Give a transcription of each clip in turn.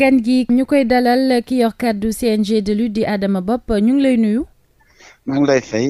gan gi ñu koy dalal ki yor kàddu CNG de lutte di Adama Bopp ñu ngi lay nuyu. maa ngi lay fay.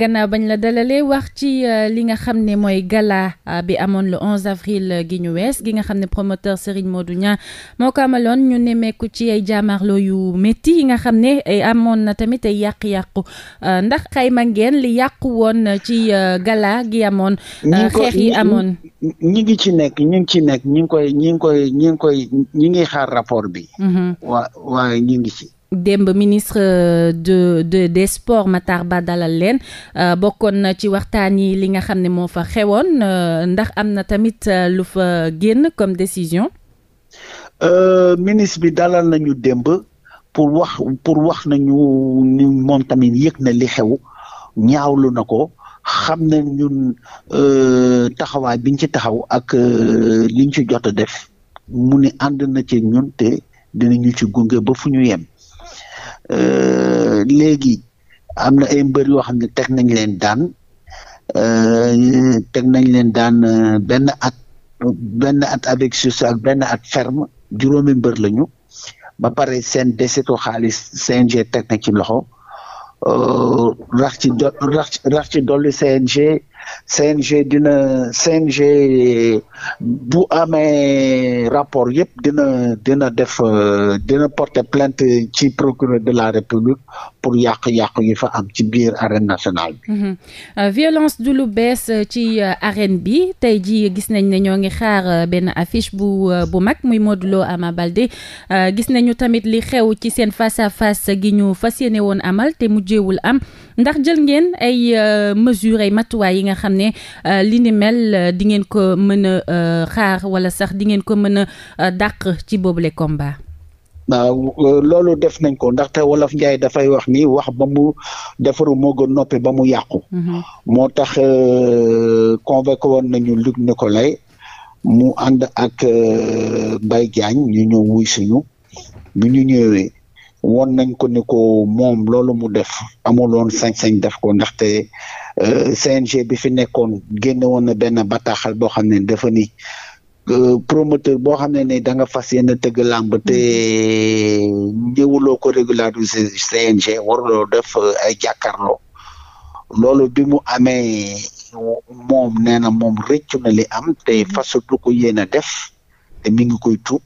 gannaaw bañ la dalalee wax ci euh, li nga xam ne mooy gala euh, bi amoon le 11 avril euh, gi ñu wees gi nga xam ne promoteur Serigne du Niang moo ko amaloon ñu nemmeeku ci ay jaamaarloo yu métti yi nga xam ne amoon na tamit ay yàq-yàqu ndax xayma ngeen li yàqu woon ci gala gi amoon. xeex yi amoon. ñi ngi ci nekk ñi ngi ci nekk ñu ngi koy ñi ngi koy ñi koy ñi ngi xaar rapport bi. Mhm. waaye ñi ngi ci. démb ministre euh, de de des sports Matar Ba dalal leen euh, bokkoon na ci waxtaan yi li nga xam ne moo fa xewoon euh, ndax am na tamit lu fa génn comme décision. ministre bi dalal nañu démb pour wax pour wax nañu ni moom tamit yëg na li xew ñaawlu na ko xam na ñun taxawaay biñ ci taxaw ak liñ ci jot a def mu ni ànd na ci ñun te dinañu ci gunge ba fu ñu yem. Euh, léegi am na ay mbër yoo xam ne teg nañ leen daan euh, teg nañ leen daan euh, benn at benn at avec sursis ak benn at ferme juróomi mbër lañu ba pare seen desetu xaalis CNG teg na ci loxo rax ci dolli CNG. CNG dina CNG bu amee rapport yëpp dina dina def euh, dina porter plainte ci procureur de la République pour yàq-yàq yi fa am ci biir arène nationale mhm. euh, violence du lu bees euh, ci euh, arène bi tey jii gis nañ ne ñoo ngi xaar benn affiche bu bu mag muy Modou Lo Ama gis nañu tamit li xew ci seen face à face gi ñu fas yéene woon amal te mujjewul am. ndax jël ngeen ay euh, mesures ay matuwaay yi nga xam ne euh, li ni mel euh, di ngeen ko mën a xaar wala sax di ngeen ko mën a dàq ci boobule combat. waaw loolu def nañ ko ndaxte wolof Njaay dafay wax ni wax ba mu defaru moo noppi ba mu yàqu. Mhm. moo tax convoqué woon nañu Luc Nicolaï mu ànd ak Baye Diagne ñu ñëw wuy suñu bi ñu ñëwee. woon nañ ko ni ko moom loolu mu def amuloon sañ-sañ def ko ndaxte euh, CNG bi fi nekkoon génne woon na benn bataaxal boo xam ne dafa ni euh, promoteur boo xam ne ne da nga fas yéene tëgg làmb te ñëwuloo ko régulariser CNG waruloo def euh, ay jàkkaarloo loolu bi mu amee moom nee na moom rëccu li am te fasatu ko yéen a def te mi ngi koy tuub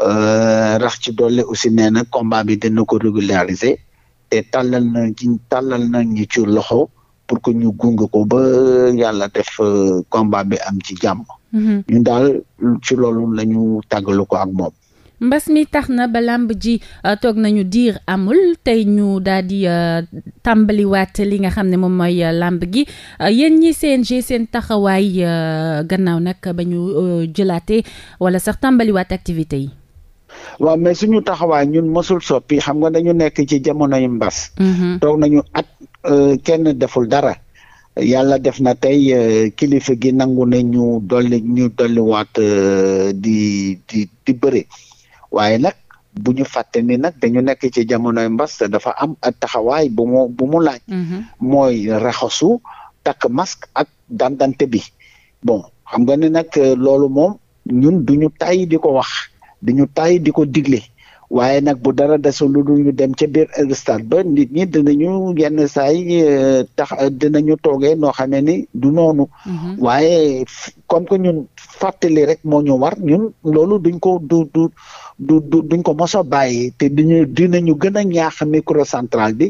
Euh, rax ci doole aussi nee na combat bi na ko régulariser te tàllal na ci tàllal na ñu ci loxo pour que ñu gunge ko ba yàlla def euh, combat bi am ci jàmm. Mhm. ñu daal ci loolu lañu tàggalu ko ak moom. mbas mi tax na ba làmb ji euh, toog nañu diir amul tey ñu daal di tàmbaliwaat li nga xam ne moom mooy làmb gi yéen ñi CNG seen taxawaay gannaaw nag ba ñu jëlaate wala sax tàmbaliwaat activité yi. waaw mais suñu taxawaay ñun mosul soppi xam nga dañu nekk ci jamonoy mbas. Mm-hmm. toog nañu at euh, kenn deful dara. yàlla def na tey uh, kilifa gi nangu na ñu dolli ñu dolliwaat uh, di di di waaye nag bu ñu fàtte ni nag dañu nekk ci jamonoy mbas dafa am taxawaay bu mu bu mm-hmm. mooy raxasu takk mask ak dandante bi bon xam nga ni nag euh, loolu moom ñun duñu tàyyi di ko wax. di ñu tay di ko digle waaye nag bu dara desul lu dul ñu dem ca biir stade ba nit ñi dinañu yenn saa yi euh, tax dinañu toogee noo xamee ni du noonu. Mhm. waaye comme que ñun fàttali rek moo ñu war ñun loolu duñ ko du du du duñ ko mos a bàyyi te diñu dinañu gën a ñaax microcentral bi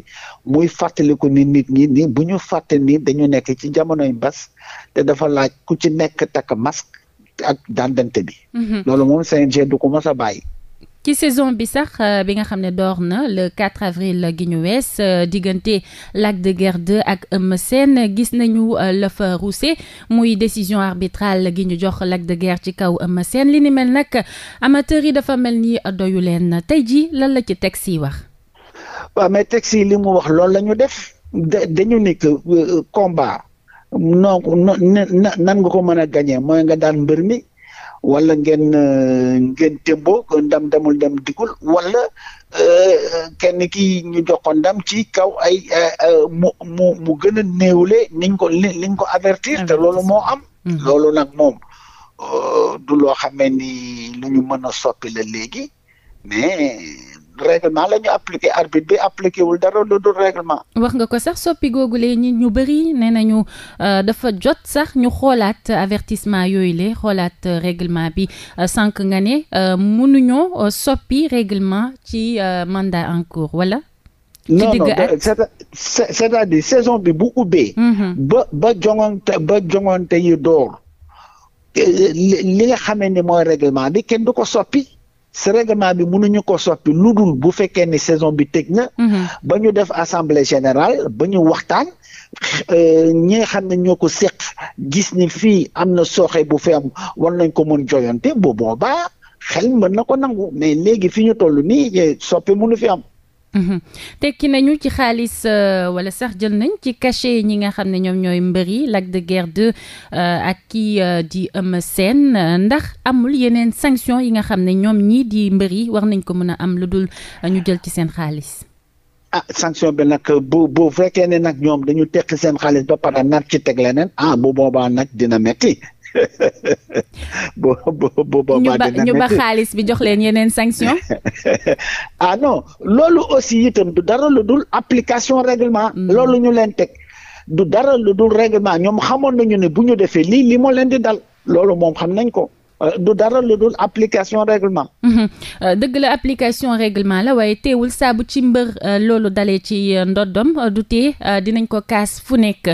muy fàttaliku ni nit ñi ni bu ñu fàtte ni dañu nekk ci jamonoy bas te dafa laaj ku ci nekk takk masque. ak dandante bi. Mhm. loolu moom CNG du ko mos a bàyyi. ci saison bi sax euh, bi nga xam ne door na le 4 avril gi ñu wees euh, diggante Lac de Guiers 2 ak Eumeu seen gis nañu euh, la fa rousser muy décision arbitrale gi ñu jox Lac de Guiers ci kaw Eumeu seen li ni mel nag amateurs yi dafa mel ni doyu leen tey jii lan la ci texte yi wax. waaw mais texte li mu wax loolu la def dañu ni que combat non non nan nga ko mën a gagné mooy nga daan mbër mi wala ngeen euh, ngeen témboo ndam demul dem digul wala euh, kenn ki ñu jox ko ndam ci kaw ay euh, mu mu mu gën a néewle niñ ko liñ ko avertir te loolu moo am. loolu nag moom du loo xamee ni lu ñu mën a soppi la léegi mais. règlement la ñu appliqué arbitre bi appliqué wul dara lu dul règlement. wax nga ko sax soppi googu ñi ñu bëri nee nañu euh, dafa jot sax ñu xoolaat avertissement yooyu la xoolaat euh, réglement bi euh, sànq nga ne mënuñoo soppi réglement ci mandat en cours wala. non non c'est-à-dire saison bi bu ubbee. Mhm. ba ba joŋante ba joŋante yi door. li nga xamee ni mooy règlement bi kenn du ko soppi. ce règlement bi mënuñu ko soppi lu dul bu fekkee ni saison bi teg na. Mhm. ba ñu def assemblée générale ba ñu waxtaan. Euh, ñi nga xam ne ñoo ko seq gis ni fii am na sooxe bu fi am war nañ ko mën joyante bu boobaa xel mën na ko nangu mais léegi fi ñu toll nii eh, soppi mënu fi am. Mhm. tekki nañu ci xaalis euh, wala sax jël nañ ci cachet ñi nga xam ne ñoom ñooy mbër yi Lac de Guiers 2 euh, ak kii euh, di Eumeu Sène ndax amul yeneen sanction yi nga xam ne ñoom ñii di mbër yi war nañ ko mën a am lu dul ñu jël ci seen xaalis. ah sanction bi nag bu bu fekkee ne nag ñoom dañu tekki seen xaalis ba pare nar ci teg leneen ah bu boobaa nag dina metti bo bo bo ñu ba ñu xaalis bi jox leen yeneen sanction ah non loolu aussi itam du dara lu dul application règlement. Mm. loolu ñu leen teg du dara lu dul règlement ñoom xamoon nañu ne bu ñu defee lii li moo leen di dal loolu moom xam nañ ko. Euh, du dara lu dul application règlement. Mhm. Euh, dëgg la application règlement la waaye teewul saabu ci mbër euh, loolu dalee ci ndoddom du tee dinañ ko kaas fu nekk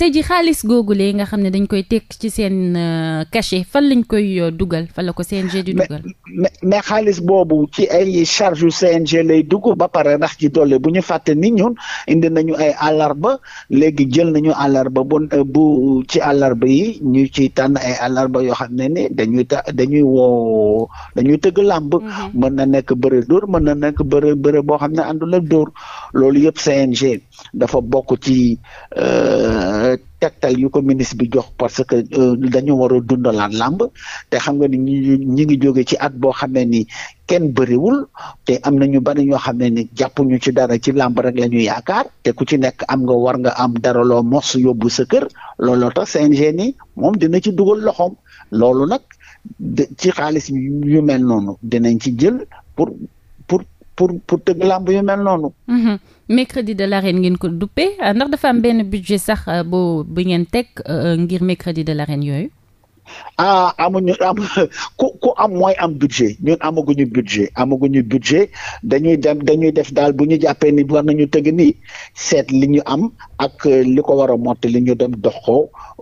te ji xaalis googu googulee nga xam ne dañ koy tekk ci seen cachet fan lañ koy dugal fan la ko CNG di dugal. mais xaalis boobu ci ay charge yu CNG lay dugg ba pare ndax ci doole bu ñu fàtte ni ñun indi nañu ay àllarba léegi jël nañu àllarba bu bu ci àllarba yi ñu ci tànn ay àllarba yoo xam ne ni dañuy dañuy ta dañuy woo dañuy tëgg làmb mm-hmm. mën na nekk bëre dóor mën na nekk bëre bëre boo xam ne àndul dóor loolu yëpp CNG dafa bokk ci euh, tegtal yu ko ministre bi jox parce que euh, dañu war a dundalaat làmb te xam nga ni ñu ñi ngi jóge ci at boo xam ne ni kenn bëriwul te am na ñu bari ñoo xam ne ni jàppuñu ci dara ci làmb rek la ñu yaakaar te ku ci nekk am nga war nga am dara loo mos yóbbu sa kër looloo tax CNG ni moom dina ci dugal loxoom loolu nag ci xaalis yu mel noonu dinañ ci jël pour pour pour pour tëgg làmb yu mel noonu. Mhm. mercredi de l'arène ngeen ko duppee ndax dafa am benn budget sax euh, bu bu ngeen teg euh, ngir mercredi de l'arène yooyu. ah amuñu am ku am mooy am budget ñun amaguñu budget amaguñu budget dañuy dem dañuy def daal bu ñu jàppee ni war nañu tëgg nii seet li ñu am ak eh, li ko war a mott ñu dem dox ko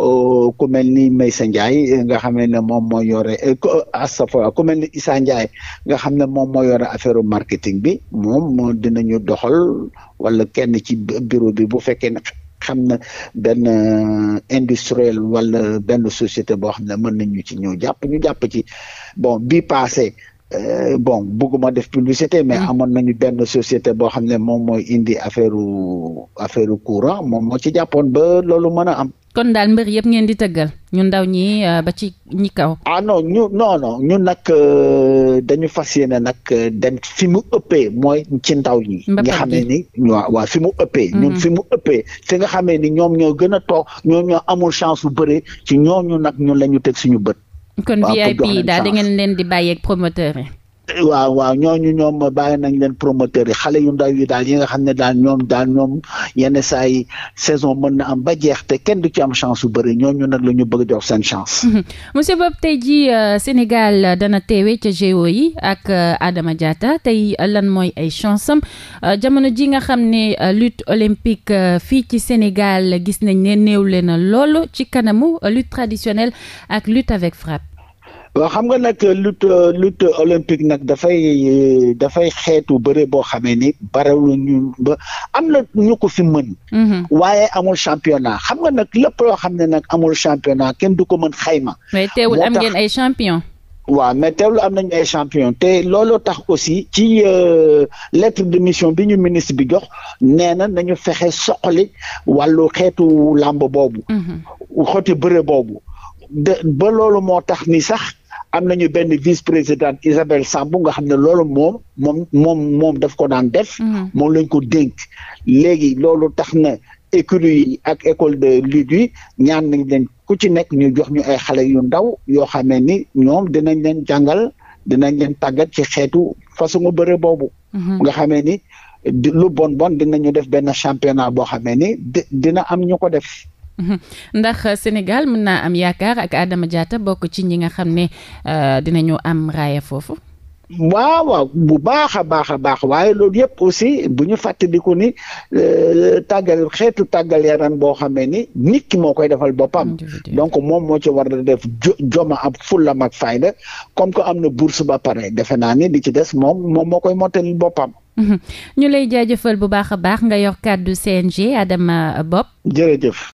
oh, ku mel ni Maysa Ndiaye eh, nga xam ne moom moo yore eh, astafa ku mel nga xam ne moom moo yore affaire marketing bi moom ñu doxal wala kenn ci bureau bi bu fekkee ne xam na benn euh, industriel wala benn société boo xam ne mën ñu ci ñoo jàpp ñu jàpp ci bon bi passé Euh, bon bëgguma def publicité mais mm. amoon ñu benn société boo xam ne moom mooy indi affaire affaire courant moom moo ci jàppoon ba loolu mën a am kon daal mbër yëpp ngeen di tëggal ñu ndaw ñi euh, ba ci ñi kaw. ah non ñu non non ñun nag euh, dañu fas yéene nag euh, dem fi mu ëppee mooy ci ndaw ñi. nga xam ne ni waa waa fi mu ëppee. Mm-hmm. ñun fi mu ëppee fi nga xamee ni ñoom ñoo gën a toog ñoom ñoo amul chance bu bëri ci ñooñu nag ñun la ñu teg suñu bët. kon VIP daal da ngeen leen di bàyyeeg promoteur yi. waaw waaw ñooñu ñoom bàyyi nañ leen promoteur yi xale yu ndaw yi daal yi nga xam ne daal ñoom daal ñoom yenn saa ay saison mën na am ba jeex te kenn du ci am chance su bëri ñooñu nag la ñu bëgg jox seen chance. monsieur Bob tey jii euh, Sénégal dana teewe ca geo yi ak euh, Adama Diatta tey lan mooy ay chance am euh, jamono ji nga xam ne lutte olympique fii ci Sénégal gis nañ ne néew leen loolu ci kanamu lutte traditionnelle ak lutte avec frappe. waa xam nga nag euh, lutte euh, lutte olympique nag dafay euh, dafay xeetu bëre boo xamee ni barewul ñu am na ñu ko fi mën. Mhm. waaye amul championnat xam nga nag lépp loo xam ne nag amul championnat kenn du ko mën xayma. mais teewul am ngeen ay champion. waaw mais teewlu am nañu ay champion te looloo tax aussi ci lettre de mission bi ñu ministre bi jox nee na nañu fexe soqali wàllu xeetu làmb boobu. Mhm. xotti bëre boobu. de loolu moo tax ni sax. am nañu benn vice présidente Isabelle Sambou nga xam ne loolu moom moom moom moom daf ko daan def. Mm-hmm. moom lañ ko dénk. léegi loolu tax na écurie ak école de lutte yi ñaan nañ leen ku ci nekk ñu jox ñu ay xale yu ndaw yoo xamee ni ñoom dinañ leen jàngal dinañ leen tàggat ci xeetu façon bëre boobu. Mm-hmm. nga xamee ni lu bon bon ñu def benn championnat boo xamee ni dina am ñu ko def. ndax Sénégal mën naa am yaakaar ak Adama Diatta bokk ci ñi nga xam ne euh, dinañu am raaya foofu. waaw waaw bu baax a baax a baax waaye loolu yëpp aussi bu ñu fàttaliku ni euh, tàggal xeetu tàggal yaram boo xamee ni nit ki moo koy defal boppam donc moom moo ci war a def joma ab fulla ak fayda comme que am na bourse ba pare defe naa ni li ci des moom moom moo koy mottali boppam ñu lay jaajëfal bu baax a baax nga yor kàddu CNG Adama Bopp jërëjëf